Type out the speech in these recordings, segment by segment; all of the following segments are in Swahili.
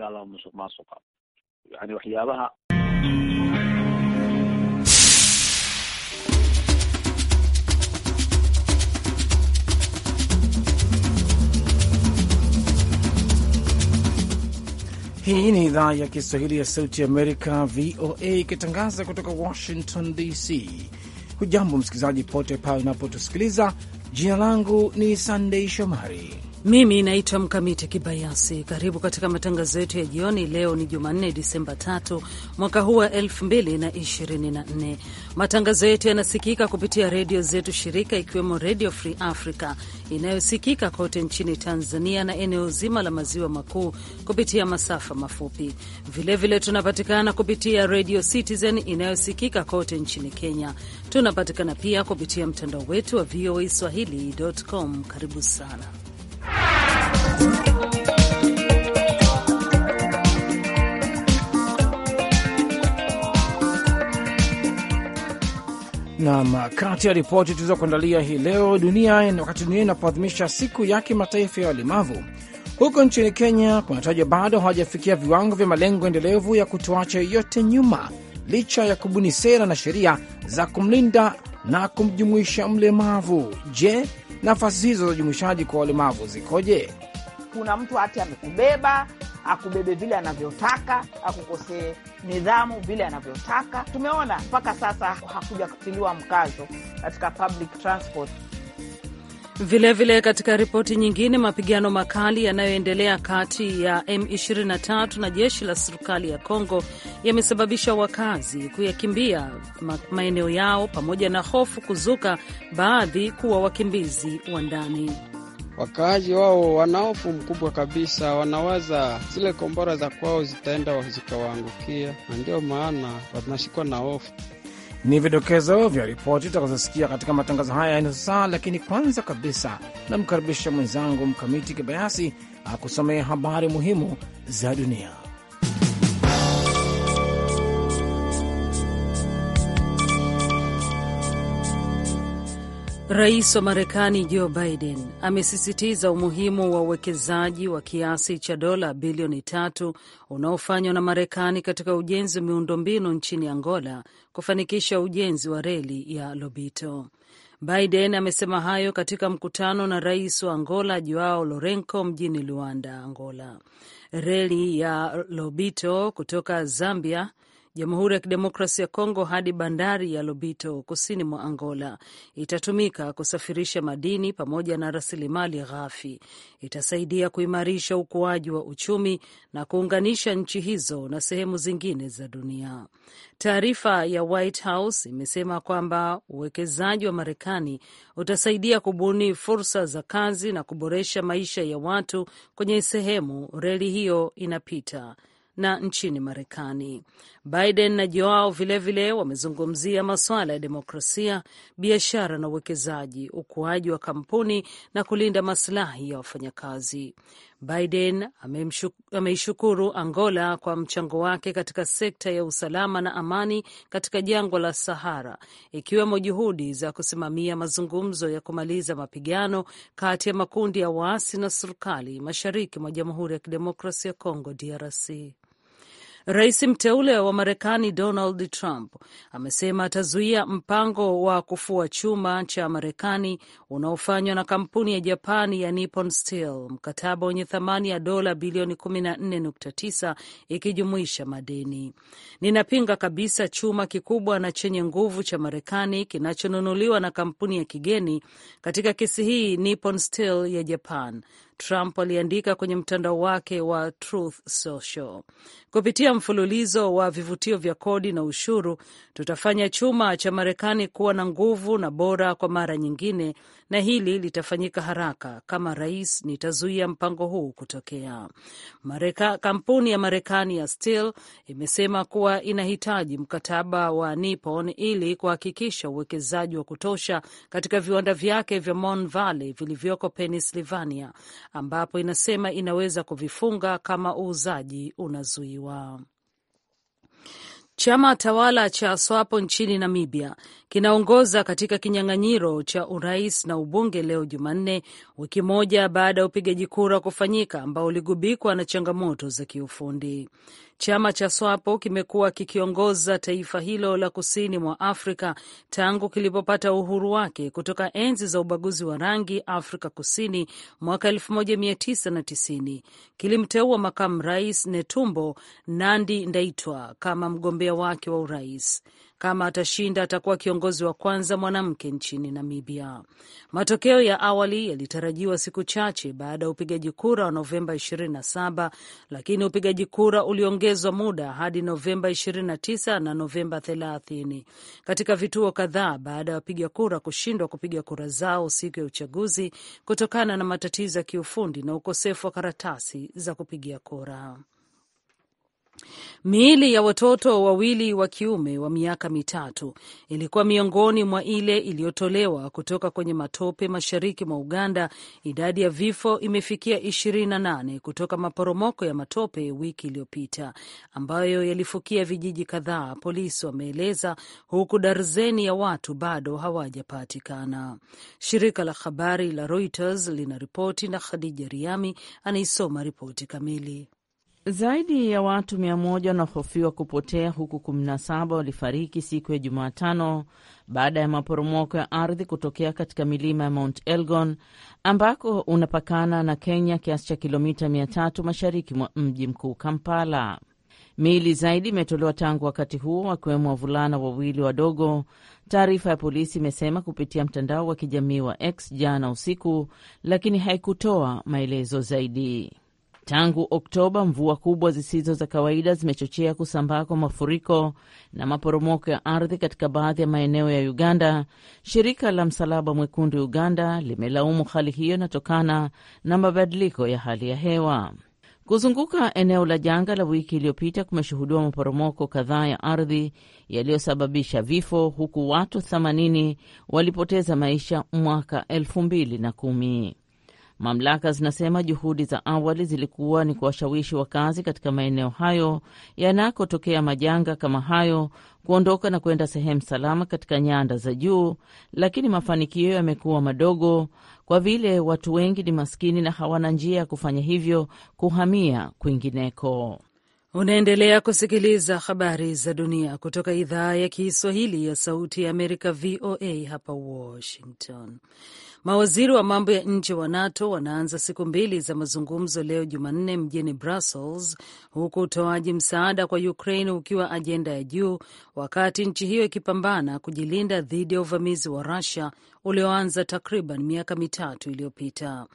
Musuq maasuqa yani waxyaabaha Hii ni idhaa ya Kiswahili ya Sauti Amerika, VOA, ikitangaza kutoka Washington DC. Hujambo msikilizaji pote pale unapotusikiliza. Jina langu ni Sandei Shomari mimi naitwa Mkamiti Kibayasi. Karibu katika matangazo yetu ya jioni. Leo ni Jumanne, Disemba 3 mwaka huu wa 2024. Matangazo yetu yanasikika kupitia redio zetu shirika, ikiwemo Redio Free Africa inayosikika kote nchini Tanzania na eneo zima la maziwa makuu kupitia masafa mafupi. Vilevile vile tunapatikana kupitia Redio Citizen inayosikika kote nchini Kenya. Tunapatikana pia kupitia mtandao wetu wa VOA swahili.com. Karibu sana. Nam, kati ya ripoti tulizo kuandalia hii leo, dunia wakati dunia inapoadhimisha siku ya kimataifa ya walemavu, huko nchini Kenya kunatajwa bado hawajafikia viwango vya malengo endelevu ya kutoacha yoyote nyuma, licha ya kubuni sera na sheria za kumlinda na kumjumuisha mlemavu. Je, nafasi hizo za ujumuishaji kwa walemavu zikoje? kuna mtu hati amekubeba akubebe vile anavyotaka, akukosee nidhamu vile anavyotaka. Tumeona mpaka sasa hakuja kutiliwa mkazo katika public transport. Vilevile vile katika ripoti nyingine, mapigano makali yanayoendelea kati ya M23 na jeshi la serikali ya congo yamesababisha wakazi kuyakimbia maeneo yao pamoja na hofu kuzuka, baadhi kuwa wakimbizi wa ndani wakaaji wao wanaofu mkubwa kabisa, wanawaza zile kombora za kwao zitaenda zikawaangukia, na ndio maana wanashikwa na hofu. Ni vidokezo vya ripoti utakazosikia katika matangazo haya ya nusu saa, lakini kwanza kabisa namkaribisha mwenzangu Mkamiti Kibayasi akusomea habari muhimu za dunia. Rais wa Marekani Joe Biden amesisitiza umuhimu wa uwekezaji wa kiasi cha dola bilioni tatu unaofanywa na Marekani katika ujenzi wa miundombinu nchini Angola kufanikisha ujenzi wa reli ya Lobito. Biden amesema hayo katika mkutano na rais wa Angola Joao Lourenco mjini Luanda, Angola. Reli ya Lobito kutoka Zambia Jamhuri ya Kidemokrasi ya Kongo hadi bandari ya Lobito kusini mwa Angola. Itatumika kusafirisha madini pamoja na rasilimali ghafi. Itasaidia kuimarisha ukuaji wa uchumi na kuunganisha nchi hizo na sehemu zingine za dunia. Taarifa ya White House imesema kwamba uwekezaji wa Marekani utasaidia kubuni fursa za kazi na kuboresha maisha ya watu kwenye sehemu reli hiyo inapita na nchini Marekani. Biden na Joao vilevile wamezungumzia masuala ya demokrasia, biashara na uwekezaji, ukuaji wa kampuni na kulinda masilahi ya wafanyakazi. Biden ameishukuru Angola kwa mchango wake katika sekta ya usalama na amani katika jangwa la Sahara, ikiwemo juhudi za kusimamia mazungumzo ya kumaliza mapigano kati ya makundi ya waasi na serikali mashariki mwa Jamhuri ya Kidemokrasia ya Kongo, DRC. Rais mteule wa Marekani Donald Trump amesema atazuia mpango wa kufua chuma cha Marekani unaofanywa na kampuni ya Japani ya Nippon Steel, mkataba wenye thamani ya dola bilioni 14.9 ikijumuisha madeni. Ninapinga kabisa chuma kikubwa na chenye nguvu cha Marekani kinachonunuliwa na kampuni ya kigeni. Katika kesi hii Nippon Steel ya Japan Trump aliandika kwenye mtandao wake wa Truth Social. Kupitia mfululizo wa vivutio vya kodi na ushuru, tutafanya chuma cha Marekani kuwa na nguvu na bora kwa mara nyingine, na hili litafanyika haraka. Kama rais, nitazuia mpango huu kutokea. Mareka, kampuni ya Marekani ya Steel imesema kuwa inahitaji mkataba wa Nippon ili kuhakikisha uwekezaji wa kutosha katika viwanda vyake vya Mon Valley vilivyoko Pennsylvania, ambapo inasema inaweza kuvifunga kama uuzaji unazuiwa. Chama tawala cha SWAPO nchini Namibia kinaongoza katika kinyang'anyiro cha urais na ubunge leo Jumanne, wiki moja baada ya upigaji kura kufanyika ambao uligubikwa na changamoto za kiufundi. Chama cha SWAPO kimekuwa kikiongoza taifa hilo la kusini mwa Afrika tangu kilipopata uhuru wake kutoka enzi za ubaguzi wa rangi Afrika Kusini mwaka 1990. Kilimteua makamu rais Netumbo Nandi Ndaitwa kama mgombea wake wa urais. Kama atashinda, atakuwa kiongozi wa kwanza mwanamke nchini Namibia. Matokeo ya awali yalitarajiwa siku chache baada ya upigaji kura wa Novemba 27, lakini upigaji kura uliongezwa muda hadi Novemba 29 na Novemba 30 katika vituo kadhaa baada ya wapiga kura kushindwa kupiga kura zao siku ya uchaguzi kutokana na matatizo ya kiufundi na ukosefu wa karatasi za kupigia kura. Miili ya watoto wawili wa kiume wa miaka mitatu ilikuwa miongoni mwa ile iliyotolewa kutoka kwenye matope mashariki mwa Uganda. Idadi ya vifo imefikia nane kutoka maporomoko ya matope wiki iliyopita ambayo yalifukia vijiji kadhaa, polisi wameeleza, huku darzeni ya watu bado hawajapatikana. Shirika la habari la Reuters ripoti na Khadija Riami anaisoma ripoti kamili. Zaidi ya watu mia moja wanahofiwa kupotea huku 17 walifariki siku ya Jumatano baada ya maporomoko ya ardhi kutokea katika milima ya Mount Elgon ambako unapakana na Kenya kiasi cha kilomita tatu mashariki mwa mji mkuu Kampala. Miili zaidi imetolewa tangu wakati huo, wakiwemo wavulana wawili wadogo. Taarifa ya polisi imesema kupitia mtandao wa kijamii wa X jana usiku, lakini haikutoa maelezo zaidi. Tangu Oktoba, mvua kubwa zisizo za kawaida zimechochea kusambaa kwa mafuriko na maporomoko ya ardhi katika baadhi ya maeneo ya Uganda. Shirika la Msalaba Mwekundu Uganda limelaumu hali hiyo inatokana na mabadiliko ya hali ya hewa. Kuzunguka eneo la janga la wiki iliyopita kumeshuhudiwa maporomoko kadhaa ya ardhi yaliyosababisha vifo, huku watu 80 walipoteza maisha mwaka 2010. Mamlaka zinasema juhudi za awali zilikuwa ni kuwashawishi wakazi katika maeneo hayo yanakotokea majanga kama hayo kuondoka na kwenda sehemu salama katika nyanda za juu, lakini mafanikio yamekuwa madogo kwa vile watu wengi ni maskini na hawana njia ya kufanya hivyo kuhamia kwingineko. Unaendelea kusikiliza habari za dunia kutoka idhaa ya Kiswahili ya Sauti ya Amerika, VOA hapa Washington. Mawaziri wa mambo ya nje wa NATO wanaanza siku mbili za mazungumzo leo Jumanne mjini Brussels, huku utoaji msaada kwa Ukraine ukiwa ajenda ya juu, wakati nchi hiyo ikipambana kujilinda dhidi ya uvamizi wa Rusia ulioanza takriban miaka mitatu iliyopita.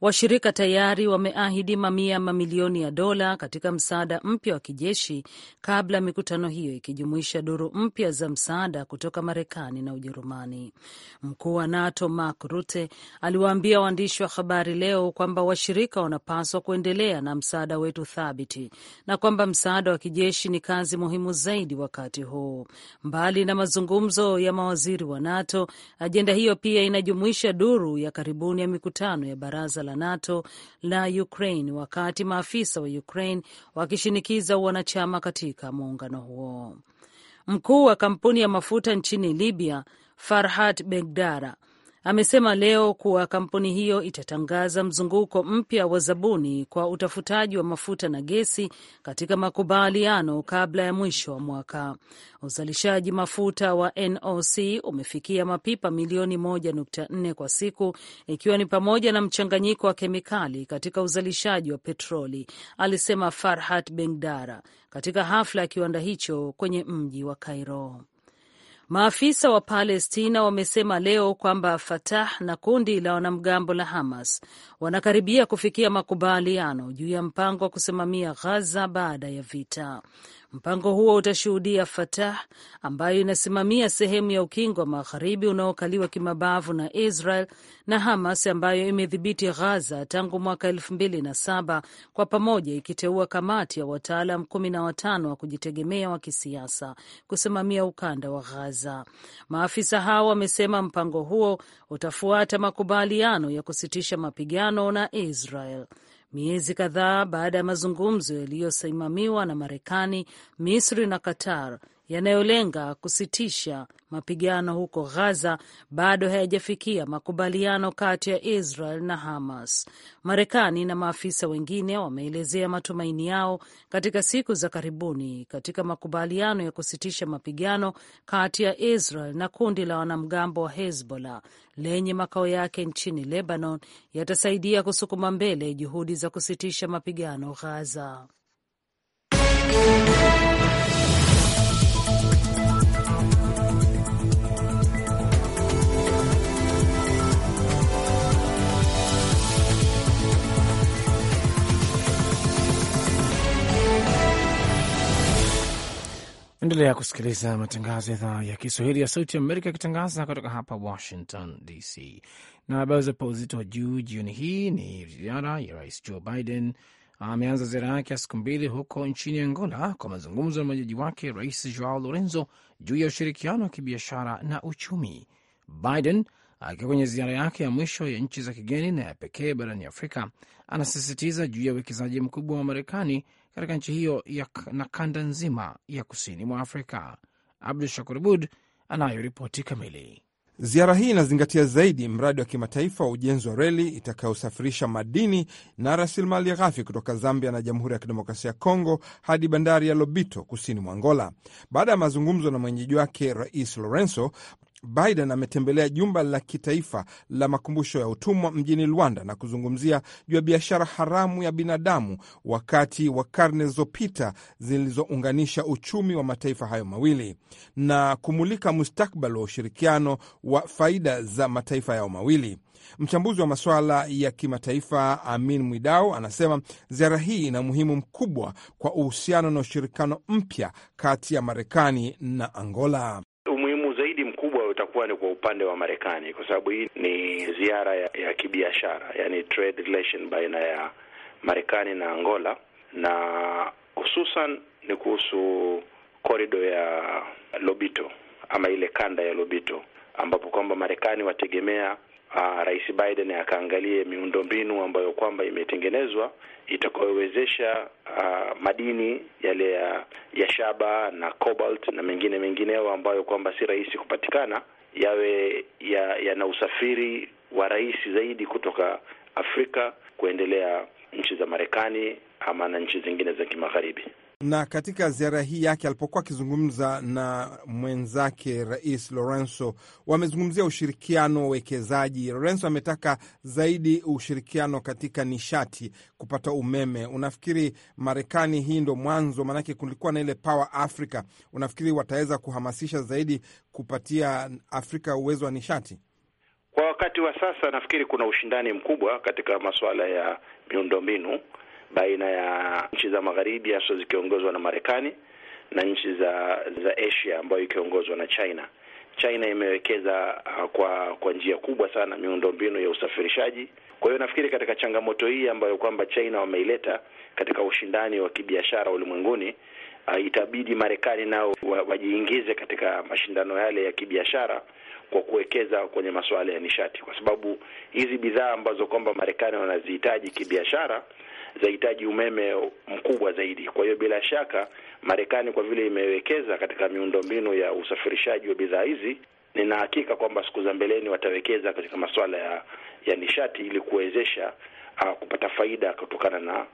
Washirika tayari wameahidi mamia mamilioni ya dola katika msaada mpya wa kijeshi kabla ya mikutano hiyo, ikijumuisha duru mpya za msaada kutoka Marekani na Ujerumani. Mkuu wa NATO Mark Rutte Duterte aliwaambia waandishi wa habari leo kwamba washirika wanapaswa kuendelea na msaada wetu thabiti na kwamba msaada wa kijeshi ni kazi muhimu zaidi wakati huu. Mbali na mazungumzo ya mawaziri wa NATO, ajenda hiyo pia inajumuisha duru ya karibuni ya mikutano ya baraza la NATO la Ukraine, wakati maafisa wa Ukraine wakishinikiza wanachama katika muungano huo. Mkuu wa kampuni ya mafuta nchini Libya Farhat Begdara amesema leo kuwa kampuni hiyo itatangaza mzunguko mpya wa zabuni kwa utafutaji wa mafuta na gesi katika makubaliano kabla ya mwisho wa mwaka. Uzalishaji mafuta wa NOC umefikia mapipa milioni 1.4 kwa siku, ikiwa ni pamoja na mchanganyiko wa kemikali katika uzalishaji wa petroli, alisema Farhat Bengdara katika hafla ya kiwanda hicho kwenye mji wa Cairo. Maafisa wa Palestina wamesema leo kwamba Fatah na kundi la wanamgambo la Hamas wanakaribia kufikia makubaliano juu ya mpango wa kusimamia Ghaza baada ya vita. Mpango huo utashuhudia Fatah ambayo inasimamia sehemu ya ukingo wa magharibi unaokaliwa kimabavu na Israel na Hamas ambayo imedhibiti Ghaza tangu mwaka elfu mbili na saba kwa pamoja ikiteua kamati ya wataalam kumi na watano wa kujitegemea wa kisiasa kusimamia ukanda wa Ghaza. Maafisa hao wamesema mpango huo utafuata makubaliano ya kusitisha mapigano na Israel miezi kadhaa baada ya mazungumzo yaliyosimamiwa na Marekani, Misri na Qatar yanayolenga kusitisha mapigano huko Gaza bado hayajafikia makubaliano kati ya Israel na Hamas. Marekani na maafisa wengine wameelezea matumaini yao katika siku za karibuni katika makubaliano ya kusitisha mapigano kati ya Israel na kundi la wanamgambo wa Hezbollah lenye makao yake nchini Lebanon yatasaidia kusukuma mbele juhudi za kusitisha mapigano Gaza. Unaendelea kusikiliza matangazo ya idhaa ya Kiswahili ya Sauti Amerika yakitangaza kutoka hapa Washington DC. Na habari za uzito wa juu jioni hii ni ziara ya Rais Joe Biden. Ameanza ziara yake ya siku mbili huko nchini Angola kwa mazungumzo na mwenyeji wake Rais Joao Lorenzo juu ya ushirikiano wa kibiashara na uchumi. Biden akiwa kwenye ziara yake ya mwisho ya nchi za kigeni na ya pekee barani Afrika, anasisitiza juu ya uwekezaji mkubwa wa Marekani katika nchi hiyo na kanda nzima ya kusini mwa Afrika. Abdu Shakur Abud anayo ripoti kamili. Ziara hii inazingatia zaidi mradi wa kimataifa wa ujenzi wa reli itakayosafirisha madini na rasilimali ghafi kutoka Zambia na Jamhuri ya Kidemokrasia ya Kongo hadi bandari ya Lobito kusini mwa Angola. Baada ya mazungumzo na mwenyeji wake Rais Lorenzo, Biden ametembelea jumba la kitaifa la makumbusho ya utumwa mjini Luanda na kuzungumzia juu ya biashara haramu ya binadamu wakati wa karne zilizopita zilizounganisha uchumi wa mataifa hayo mawili na kumulika mustakabali wa ushirikiano wa faida za mataifa yao mawili. Mchambuzi wa masuala ya kimataifa Amin Mwidau anasema ziara hii ina umuhimu mkubwa kwa uhusiano na ushirikiano mpya kati ya Marekani na Angola itakuwa ni kwa upande wa Marekani, kwa sababu hii ni ziara ya, ya kibiashara, yani trade relation baina ya Marekani na Angola, na hususan ni kuhusu korido ya Lobito ama ile kanda ya Lobito ambapo kwamba Marekani wategemea uh, Rais Biden akaangalie miundombinu ambayo kwamba imetengenezwa itakayowezesha uh, madini yale ya, ya shaba na cobalt na mengine mengineo ambayo kwamba si rahisi kupatikana yawe yana ya usafiri wa rahisi zaidi kutoka Afrika kuendelea nchi za Marekani ama na nchi zingine za kimagharibi. Na katika ziara hii yake alipokuwa akizungumza na mwenzake Rais Lorenzo, wamezungumzia ushirikiano wa uwekezaji. Lorenzo ametaka zaidi ushirikiano katika nishati, kupata umeme. Unafikiri Marekani hii ndo mwanzo? Maanake kulikuwa na ile Power Africa. Unafikiri wataweza kuhamasisha zaidi kupatia Afrika uwezo wa nishati? Kwa wakati wa sasa nafikiri kuna ushindani mkubwa katika masuala ya miundombinu baina ya nchi za magharibi hasa zikiongozwa na Marekani na nchi za za Asia ambayo ikiongozwa na China. China imewekeza uh, kwa kwa njia kubwa sana miundombinu ya usafirishaji. Kwa hiyo nafikiri katika changamoto hii ambayo kwamba China wameileta katika ushindani wa kibiashara ulimwenguni, uh, itabidi Marekani nao wajiingize katika mashindano yale ya kibiashara kwa kuwekeza kwenye masuala ya nishati, kwa sababu hizi bidhaa ambazo kwamba Marekani wanazihitaji kibiashara zahitaji umeme mkubwa zaidi. Kwa hiyo bila shaka, Marekani kwa vile imewekeza katika miundombinu ya usafirishaji wa bidhaa hizi, nina hakika kwamba siku za mbeleni watawekeza katika masuala ya, ya nishati ili kuwezesha uh, kupata faida kutokana na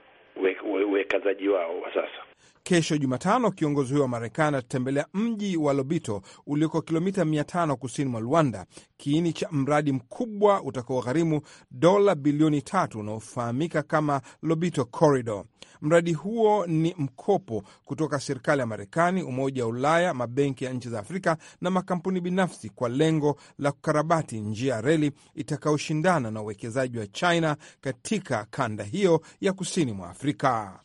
uwekezaji we, wao wa sasa. Kesho Jumatano, kiongozi huyo wa Marekani atatembelea mji wa Lobito ulioko kilomita 500 kusini mwa Luanda, kiini cha mradi mkubwa utakaogharimu dola bilioni tatu unaofahamika kama Lobito Corridor. Mradi huo ni mkopo kutoka serikali ya Marekani, Umoja wa Ulaya, mabenki ya nchi za Afrika na makampuni binafsi kwa lengo la kukarabati njia ya reli itakayoshindana na uwekezaji wa China katika kanda hiyo ya kusini mwa Afrika.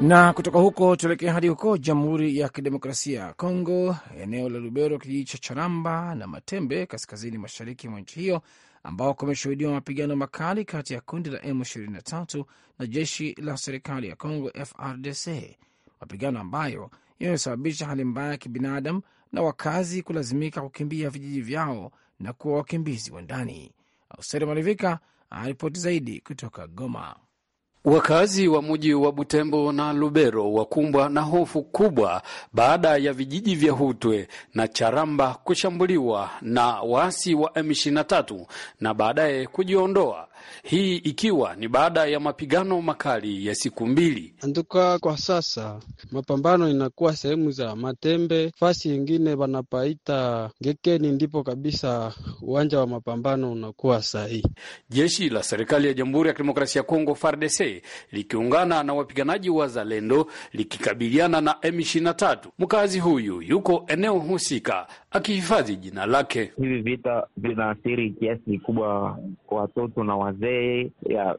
Na kutoka huko tuelekee hadi huko Jamhuri ya Kidemokrasia ya Kongo, eneo la Lubero, kijiji cha Charamba na Matembe, kaskazini mashariki mwa nchi hiyo, ambao kumeshuhudiwa mapigano makali kati ya kundi la M23 na jeshi la serikali ya Kongo, FRDC, mapigano ambayo yamesababisha hali mbaya ya kibinadamu na wakazi kulazimika kukimbia vijiji vyao na kuwa wakimbizi wa ndani. Austeri Malivika aripoti zaidi kutoka Goma. Wakazi wa mji wa Butembo na Lubero wakumbwa na hofu kubwa baada ya vijiji vya Hutwe na Charamba kushambuliwa na waasi wa M23 na baadaye kujiondoa hii ikiwa ni baada ya mapigano makali ya siku mbili. Anduka kwa sasa mapambano inakuwa sehemu za Matembe, fasi yingine wanapaita Ngekeni, ndipo kabisa uwanja wa mapambano unakuwa sahihi. Jeshi la serikali ya Jamhuri ya Kidemokrasia ya Kongo FARDC likiungana na wapiganaji wa Zalendo likikabiliana na M23. Mkazi huyu yuko eneo husika akihifadhi jina lake. Hivi vita vinaathiri kiasi kikubwa watoto na wazee,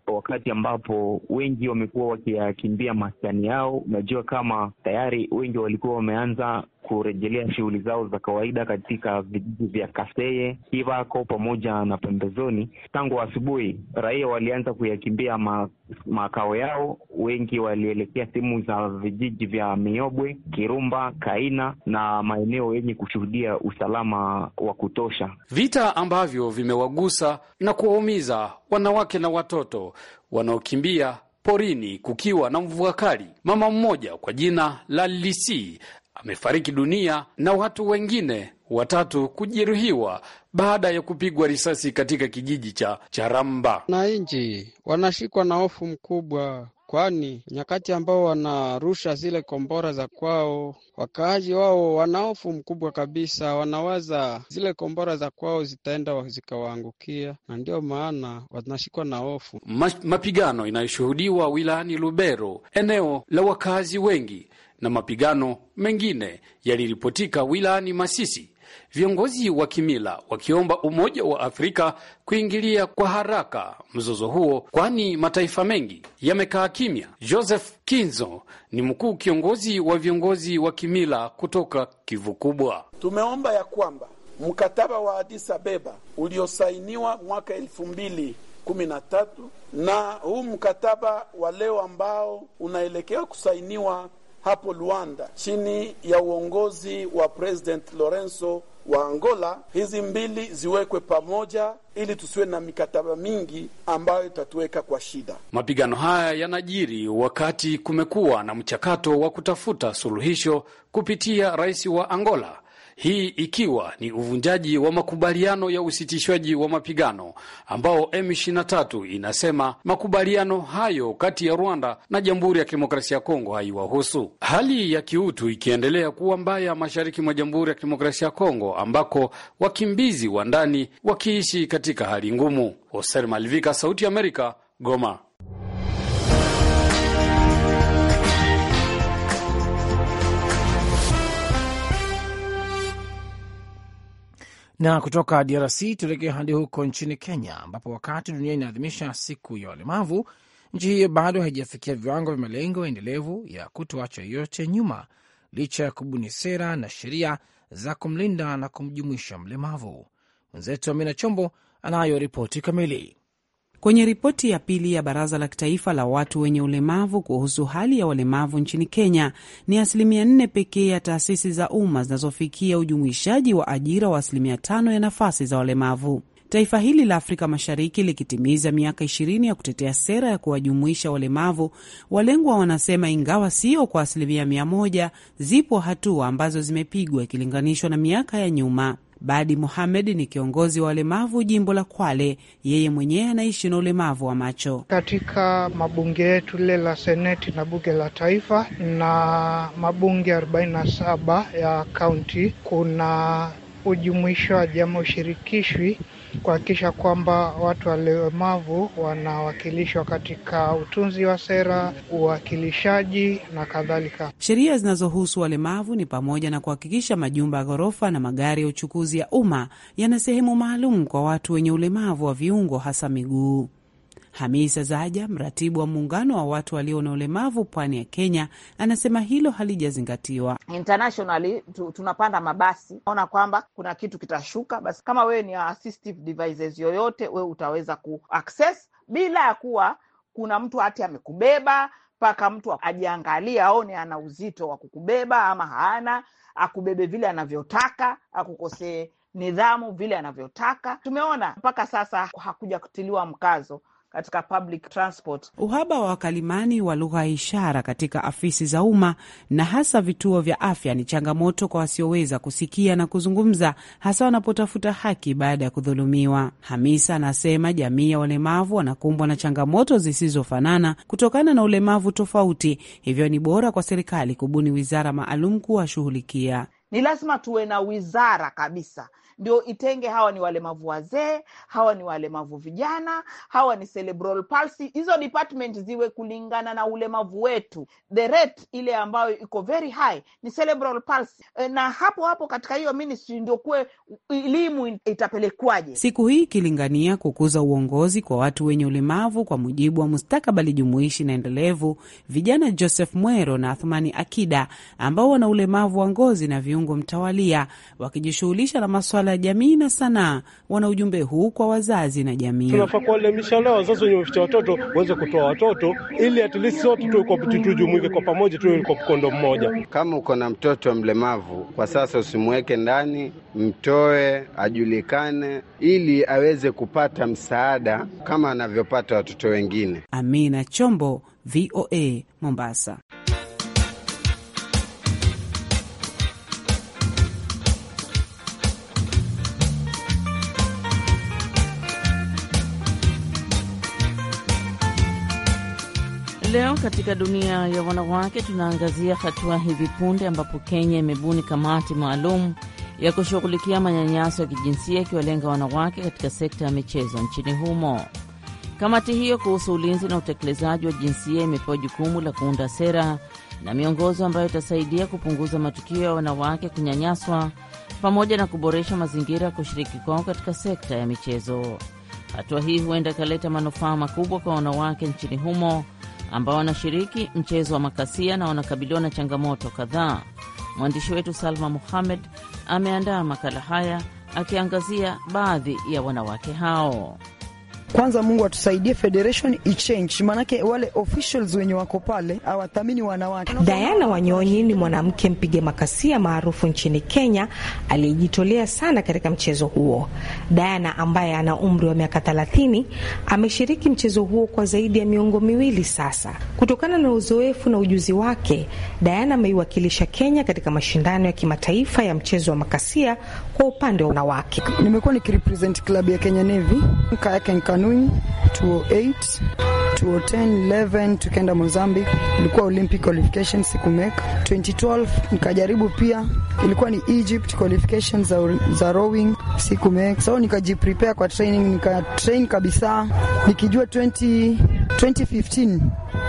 wakati ambapo wengi wamekuwa wakiyakimbia maskani yao. Unajua kama tayari wengi walikuwa wameanza kurejelea shughuli zao za kawaida katika vijiji vya Kaseye, Kivako pamoja na pembezoni. Tangu asubuhi, raia walianza kuyakimbia ma, makao yao. Wengi walielekea sehemu za vijiji vya Miobwe, Kirumba, Kaina na maeneo yenye kushuhudia usalama wa kutosha. Vita ambavyo vimewagusa na kuwaumiza wanawake na watoto wanaokimbia porini kukiwa na mvua kali. Mama mmoja kwa jina la Lisi amefariki dunia na watu wengine watatu kujeruhiwa baada ya kupigwa risasi katika kijiji cha Charamba. Wananchi wanashikwa na hofu mkubwa kwani nyakati ambao wanarusha zile kombora za kwao, wakaaji wao wana hofu mkubwa kabisa. Wanawaza zile kombora za kwao zitaenda zikawaangukia, na ndio maana wanashikwa na hofu. Ma, mapigano inayoshuhudiwa wilayani Lubero, eneo la wakaazi wengi na mapigano mengine yaliripotika wilayani Masisi, viongozi wa kimila wakiomba Umoja wa Afrika kuingilia kwa haraka mzozo huo, kwani mataifa mengi yamekaa kimya. Joseph Kinzo ni mkuu kiongozi wa viongozi wa kimila kutoka Kivu Kubwa. Tumeomba ya kwamba mkataba wa Addis Abeba uliosainiwa mwaka elfu mbili kumi na tatu na huu mkataba wa leo ambao unaelekea kusainiwa hapo Luanda chini ya uongozi wa President Lorenzo wa Angola, hizi mbili ziwekwe pamoja ili tusiwe na mikataba mingi ambayo itatuweka kwa shida. Mapigano haya yanajiri wakati kumekuwa na mchakato wa kutafuta suluhisho kupitia rais wa Angola hii ikiwa ni uvunjaji wa makubaliano ya usitishwaji wa mapigano ambao M23 inasema makubaliano hayo kati ya Rwanda na Jamhuri ya Kidemokrasia ya Kongo haiwahusu. Hali ya kiutu ikiendelea kuwa mbaya mashariki mwa Jamhuri ya Kidemokrasia ya Kongo ambako wakimbizi wa ndani wakiishi katika hali ngumu. Hoser Malivika, Sauti ya Amerika, Goma. Na kutoka DRC tuelekee hadi huko nchini Kenya, ambapo wakati dunia inaadhimisha siku ya walemavu, nchi hiyo bado haijafikia viwango vya malengo endelevu ya kutoacha yoyote nyuma, licha ya kubuni sera na sheria za kumlinda na kumjumuisha mlemavu. Mwenzetu Amina Chombo anayo ripoti kamili. Kwenye ripoti ya pili ya Baraza la Kitaifa la Watu wenye Ulemavu kuhusu hali ya walemavu nchini Kenya, ni asilimia nne pekee ya taasisi za umma zinazofikia ujumuishaji wa ajira wa asilimia tano ya nafasi za walemavu. Taifa hili la Afrika Mashariki likitimiza miaka ishirini ya kutetea sera ya kuwajumuisha walemavu, walengwa wanasema ingawa sio kwa asilimia mia moja, zipo hatua ambazo zimepigwa ikilinganishwa na miaka ya nyuma. Badi Mohamed ni kiongozi wa walemavu jimbo la Kwale. Yeye mwenyewe anaishi na ulemavu wa macho. Katika mabunge yetu lile la seneti na bunge la taifa na mabunge 47 ya kaunti kuna ujumuishaji ama ushirikishwi kuhakikisha kwamba watu walemavu wanawakilishwa katika utunzi wa sera, uwakilishaji na kadhalika. Sheria zinazohusu walemavu ni pamoja na kuhakikisha majumba ya ghorofa na magari ya uchukuzi ya umma yana sehemu maalum kwa watu wenye ulemavu wa viungo, hasa miguu. Hamisa Zaja, mratibu wa muungano wa watu walio na ulemavu pwani ya Kenya, anasema hilo halijazingatiwa. Internationally tu, tunapanda mabasi, naona kwamba kuna kitu kitashuka, basi kama wewe ni assistive devices yoyote, wewe utaweza kuaccess bila ya kuwa kuna mtu hati amekubeba mpaka mtu ajiangalie aone ana uzito wa kukubeba ama haana, akubebe vile anavyotaka, akukosee nidhamu vile anavyotaka. Tumeona mpaka sasa hakuja kutiliwa mkazo katika public transport. Uhaba wa wakalimani wa lugha ya ishara katika afisi za umma na hasa vituo vya afya ni changamoto kwa wasioweza kusikia na kuzungumza, hasa wanapotafuta haki baada ya kudhulumiwa. Hamisa anasema jamii ya walemavu wanakumbwa na changamoto zisizofanana kutokana na ulemavu tofauti, hivyo ni bora kwa serikali kubuni wizara maalum kuwashughulikia. Ni lazima tuwe na wizara kabisa ndio itenge hawa ni walemavu wazee, hawa ni walemavu vijana, hawa ni cerebral palsy. Hizo department ziwe kulingana na ulemavu wetu. The rate ile ambayo iko very high ni cerebral palsy, e, na hapo hapo katika hiyo ministry ndio kuwe elimu itapelekwaje. Siku hii ikilingania kukuza uongozi kwa watu wenye ulemavu kwa mujibu wa mustakabali jumuishi na endelevu, vijana Joseph Mwero na Athmani Akida ambao wana ulemavu wa ngozi na viungo mtawalia wakijishughulisha na maswala masuala ya jamii na sanaa wana ujumbe huu kwa wazazi na jamii. Tunafaa kuwaelimisha leo wazazi wenye waficha watoto waweze kutoa watoto, ili at least sote tujumuike kwa pamoja, tuwe kwa mkondo mmoja. Kama uko na mtoto mlemavu kwa sasa, usimweke ndani, mtoe ajulikane, ili aweze kupata msaada kama anavyopata watoto wengine. Amina Chombo, VOA Mombasa. Leo katika dunia ya wanawake tunaangazia hatua hivi punde ambapo Kenya imebuni kamati maalum ya kushughulikia manyanyaso ya kijinsia ikiwalenga wanawake katika sekta ya michezo nchini humo. Kamati hiyo kuhusu ulinzi na utekelezaji wa jinsia imepewa jukumu la kuunda sera na miongozo ambayo itasaidia kupunguza matukio ya wanawake kunyanyaswa pamoja na kuboresha mazingira ya kushiriki kwao katika sekta ya michezo. Hatua hii huenda ikaleta manufaa makubwa kwa wanawake nchini humo ambao wanashiriki mchezo wa makasia na wanakabiliwa na changamoto kadhaa. Mwandishi wetu Salma Muhamed ameandaa makala haya akiangazia baadhi ya wanawake hao. Kwanza Mungu atusaidie federation ichange, maanake wale officials wenye wako pale hawathamini wanawake. Diana Wanyonyi ni mwanamke mpiga makasia maarufu nchini Kenya aliyejitolea sana katika mchezo huo. Diana ambaye ana umri wa miaka 30 ameshiriki mchezo huo kwa zaidi ya miongo miwili sasa. Kutokana na uzoefu na ujuzi wake, Diana ameiwakilisha Kenya katika mashindano ya kimataifa ya mchezo wa makasia kwa upande wa wanawake. Nimekuwa nikirepresent klabu ya Kenya Navy kayaking canoeing 208 2010 11 tukaenda Mozambique, ilikuwa Olympic qualification sikumeka. 2012 nikajaribu pia, ilikuwa ni Egypt qualification za, za rowing sikumeka, so nikajiprepare kwa training, nikatrain kabisa nikijua 2015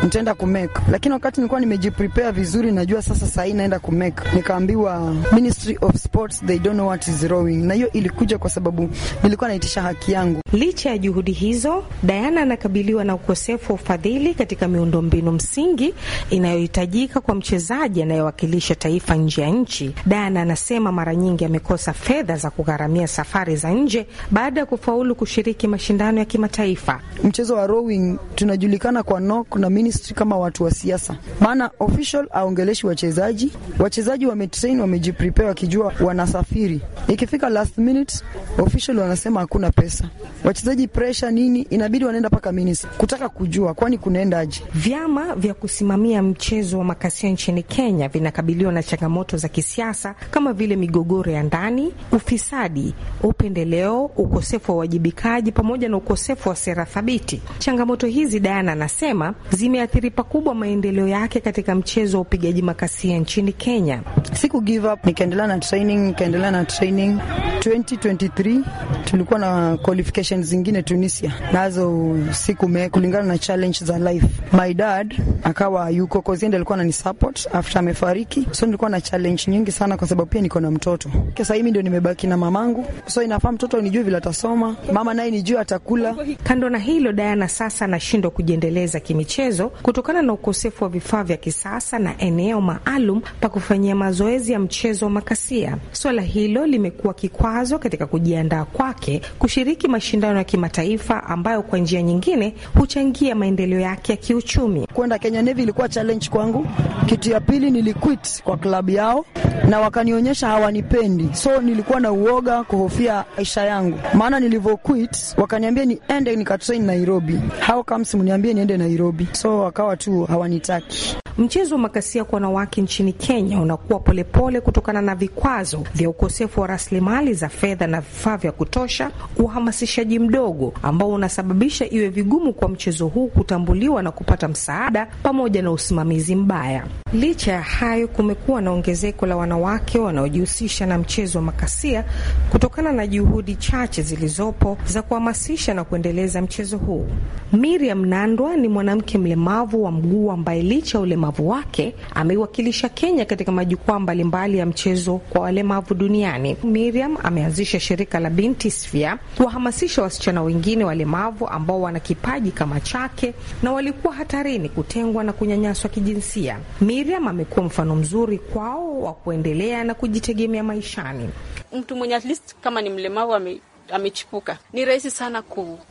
nitaenda kumake, lakini wakati nilikuwa nimejiprepare vizuri, najua sasa saa hii naenda kumake, nikaambiwa Ministry of Sports they don't know what is rowing, na hiyo ilikuja kwa sababu nilikuwa naitisha haki yangu. Licha ya juhudi hizo, Diana anakabiliwa na ukosefu wa ufadhili katika miundombinu msingi inayohitajika kwa mchezaji anayewakilisha taifa nje ya nchi. Diana anasema mara nyingi amekosa fedha za kugharamia safari za nje baada ya kufaulu kushiriki mashindano ya kimataifa. Mchezo wa rowing tunajulikana kwa no na ministry kama watu wa siasa, maana official aongeleshi wachezaji. Wachezaji wametrain, wamejiprepare, wakijua wanasafiri. Ikifika last minute, official wanasema hakuna pesa, wachezaji pressure nini, inabidi wanaenda paka ministry kutaka kujua kwani kunaendaje. Vyama vya kusimamia mchezo wa makasia nchini Kenya vinakabiliwa na changamoto za kisiasa kama vile migogoro ya ndani, ufisadi, upendeleo, ukosefu wa uwajibikaji pamoja na ukosefu wa sera thabiti. Changamoto hizi mkufunzi Diana anasema zimeathiri pakubwa maendeleo yake katika mchezo wa upigaji makasia nchini Kenya. Siku give up, nikaendelea na training, nikaendelea na training. 2023 tulikuwa na qualifications zingine Tunisia, nazo siku me kulingana na challenge za life. My dad akawa yuko kwa koziende, alikuwa anani support after amefariki, so nilikuwa na challenge nyingi sana, kwa sababu pia niko na mtoto. kesa hii, ndio nimebaki na mamangu, so inafaa mtoto nijue vile atasoma, mama naye nijue atakula. Kando na hilo, Diana sasa anashindwa kushindwa kujiendeleza kimichezo kutokana na ukosefu wa vifaa vya kisasa na eneo maalum pa kufanyia mazoezi ya mchezo wa makasia. Swala hilo limekuwa kikwazo katika kujiandaa kwake kushiriki mashindano ya kimataifa ambayo kwa njia nyingine huchangia maendeleo yake ya kiuchumi. Kwenda Kenya Navy ilikuwa challenge kwangu. Kitu ya pili, nilikuit kwa klabu yao na wakanionyesha hawanipendi, so nilikuwa na uoga kuhofia maisha yangu, maana nilivyokuit wakaniambia niende nikatrain Nairobi. How comes mniambie niende Nairobi, so wakawa tu hawanitaki. Mchezo wa makasia kwa wanawake nchini Kenya unakuwa polepole kutokana na vikwazo vya ukosefu wa rasilimali za fedha na vifaa vya kutosha, uhamasishaji mdogo ambao unasababisha iwe vigumu kwa mchezo huu kutambuliwa na kupata msaada, pamoja na usimamizi mbaya. Licha ya hayo, kumekuwa na ongezeko la wanawake wanaojihusisha na mchezo wa makasia kutokana na juhudi chache zilizopo za kuhamasisha na kuendeleza mchezo huu. Miriam Mnandwa ni mwanamke mlemavu wa mguu ambaye licha ya ulemavu wake ameiwakilisha Kenya katika majukwaa mbalimbali ya mchezo kwa walemavu duniani. Miriam ameanzisha shirika la Binti Sphere kuwahamasisha wasichana wengine walemavu ambao wana kipaji kama chake na walikuwa hatarini kutengwa na kunyanyaswa kijinsia. Miriam amekuwa mfano mzuri kwao wa kuendelea na kujitegemea maishani. Mtu mwenye at least kama ni mlemavu ame amechipuka, ni rahisi sana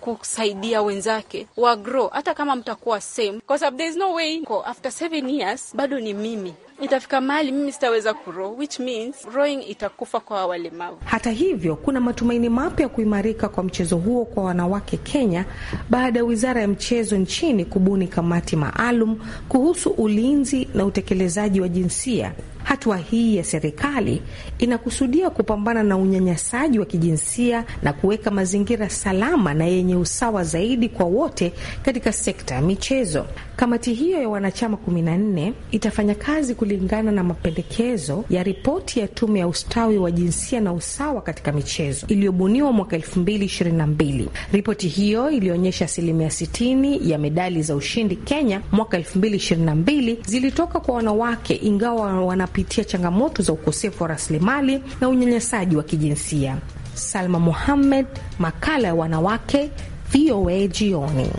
kusaidia wenzake wa grow, hata kama mtakuwa same, kwa sababu there is no way ko after seven years bado ni mimi itafika mahali mimi sitaweza kuro, which means rowing itakufa kwa walemavu. Hata hivyo, kuna matumaini mapya ya kuimarika kwa mchezo huo kwa wanawake Kenya baada ya wizara ya mchezo nchini kubuni kamati maalum kuhusu ulinzi na utekelezaji wa jinsia Hatua hii ya serikali inakusudia kupambana na unyanyasaji wa kijinsia na kuweka mazingira salama na yenye usawa zaidi kwa wote katika sekta ya michezo. Kamati hiyo ya wanachama 14 itafanya kazi kulingana na mapendekezo ya ripoti ya tume ya ustawi wa jinsia na usawa katika michezo iliyobuniwa mwaka 2022. Ripoti hiyo ilionyesha asilimia 60 ya medali za ushindi Kenya mwaka 2022 zilitoka kwa wanawake, ingawa wana kupitia changamoto za ukosefu wa rasilimali na unyanyasaji wa kijinsia. Salma muhammed makala ya wanawake, VOA jioni.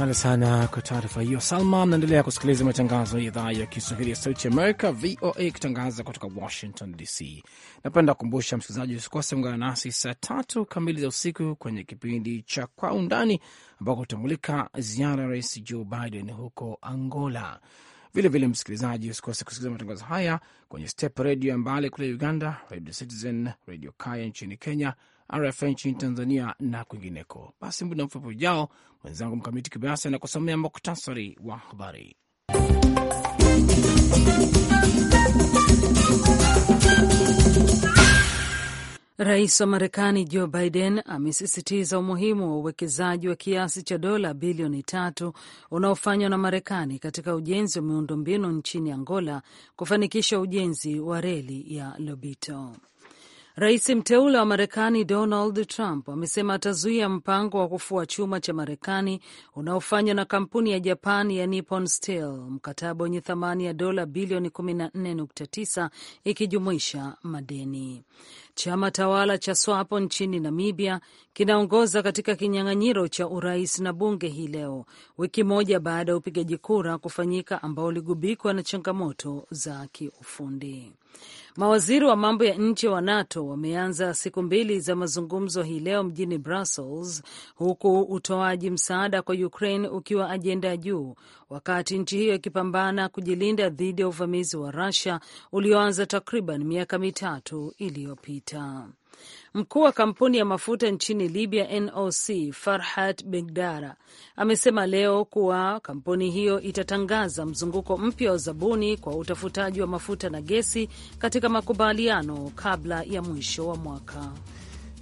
Asante sana kwa taarifa hiyo Salma. Mnaendelea kusikiliza matangazo ya idhaa ya Kiswahili ya Sauti Amerika, VOA, ikitangaza kutoka Washington DC. Napenda kukumbusha msikilizaji, usikose ungana nasi saa tatu kamili za usiku kwenye kipindi cha Kwa Undani, ambako utamulika ziara ya Rais Joe Biden huko Angola. Vilevile msikilizaji, usikose kusikiliza matangazo haya kwenye Step Redio ya Mbale kule Uganda, Radio Citizen, Radio Kaya nchini Kenya, RFA nchini Tanzania na kwingineko. Basi muda mfupi ujao, mwenzangu Mkamiti Kibayasi anakusomea muktasari wa habari. Rais wa Marekani Joe Biden amesisitiza umuhimu wa uwekezaji wa kiasi cha dola bilioni tatu unaofanywa na Marekani katika ujenzi wa miundombinu nchini Angola kufanikisha ujenzi wa reli ya Lobito. Rais mteule wa Marekani Donald Trump amesema atazuia mpango wa kufua chuma cha Marekani unaofanywa na kampuni ya Japan ya Nippon Steel, mkataba wenye thamani ya dola bilioni 14.9 ikijumuisha madeni. Chama tawala cha SWAPO nchini Namibia kinaongoza katika kinyang'anyiro cha urais na bunge hii leo, wiki moja baada ya upigaji kura kufanyika ambao uligubikwa na changamoto za kiufundi. Mawaziri wa mambo ya nje wa NATO wameanza siku mbili za mazungumzo hii leo mjini Brussels, huku utoaji msaada kwa Ukraine ukiwa ajenda ya juu, wakati nchi hiyo ikipambana kujilinda dhidi ya uvamizi wa Russia ulioanza takriban miaka mitatu iliyopita. Mkuu wa kampuni ya mafuta nchini Libya NOC Farhat Begdara amesema leo kuwa kampuni hiyo itatangaza mzunguko mpya wa zabuni kwa utafutaji wa mafuta na gesi katika makubaliano kabla ya mwisho wa mwaka.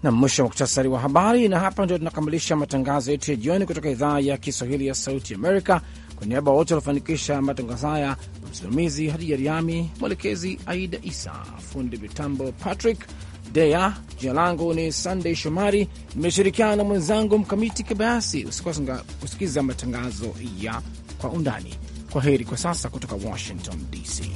Na mwisho wa muktasari wa habari. Na hapa ndio tunakamilisha matangazo yetu ya jioni kutoka idhaa ya Kiswahili ya Sauti Amerika. Kwa niaba wote waliofanikisha matangazo haya, msimamizi Hadija Riami, mwelekezi Aida Isa, fundi mitambo Patrick dea Jina langu ni Sunday Shomari, nimeshirikiana na mwenzangu Mkamiti Kibayasi. Usikose kusikiza matangazo ya Kwa Undani. Kwa heri kwa sasa kutoka Washington DC.